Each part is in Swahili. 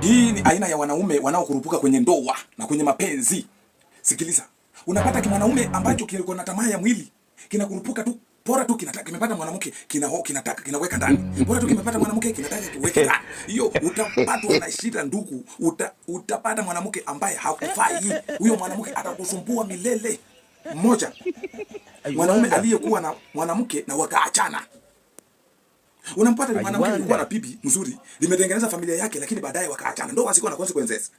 Hii ni aina ya wanaume wanaokurupuka kwenye ndoa na kwenye mapenzi. Sikiliza, unapata kimwanaume ambacho kilikuwa na tamaa ya mwili kinakurupuka tu bora tu kinataka kimepata mwanamke kina ho kinataka kinaweka ndani, bora tu kimepata mwanamke kinataka kiweke ndani. Hiyo utapatwa na shida ndugu, uta, utapata mwanamke ambaye hakufai. Huyo mwanamke atakusumbua milele. Mmoja mwanaume aliyekuwa na mwanamke na wakaachana Unampata ni mwanamke alikuwa na bibi mzuri, limetengeneza familia yake, lakini baadaye wakaachana. Ndoa ziko na consequences.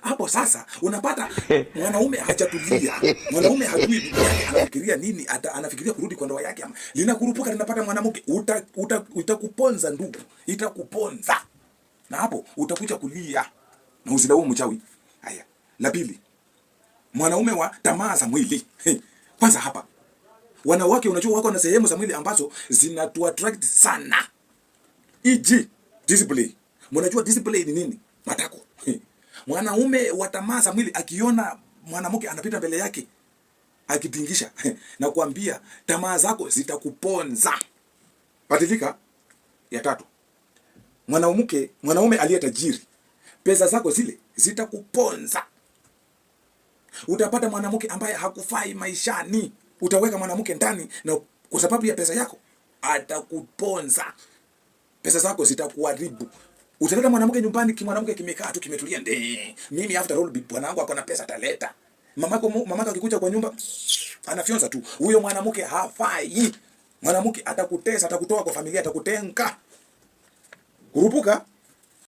Hapo sasa unapata mwanaume hajatulia, mwanaume hajui anafikiria nini, ata, anafikiria kurudi kwa ndoa yake, linakurupuka linapata mwanamke, utakuponza uta, uta ndugu, itakuponza na hapo utakuja kulia na uzilaumu mchawi. Haya, la pili, mwanaume wa tamaa za mwili kwanza hapa Wanawake unajua wako na sehemu za mwili ambazo zinatu attract sana. E.g. display. Mnajua display ni nini? Matako. Mwanaume wa tamaa za mwili akiona mwanamke anapita mbele yake akitingisha na kuambia tamaa zako zitakuponza. Patilika ya tatu. Mwanamke, mwanaume aliye tajiri, pesa zako zile zitakuponza. Utapata mwanamke ambaye hakufai maishani utaweka mwanamke ndani, na kwa sababu ya pesa yako atakuponza. Pesa zako zitakuharibu. Utaleta mwanamke nyumbani, kimwanamke kimekaa tu kimetulia, ndee, mimi after all bwana ako na pesa ataleta. Mamako mamako akikuja kwa nyumba anafyonza tu. Huyo mwanamke hafai. Mwanamke atakutesa, atakutoa kwa familia, atakutenga. Kurupuka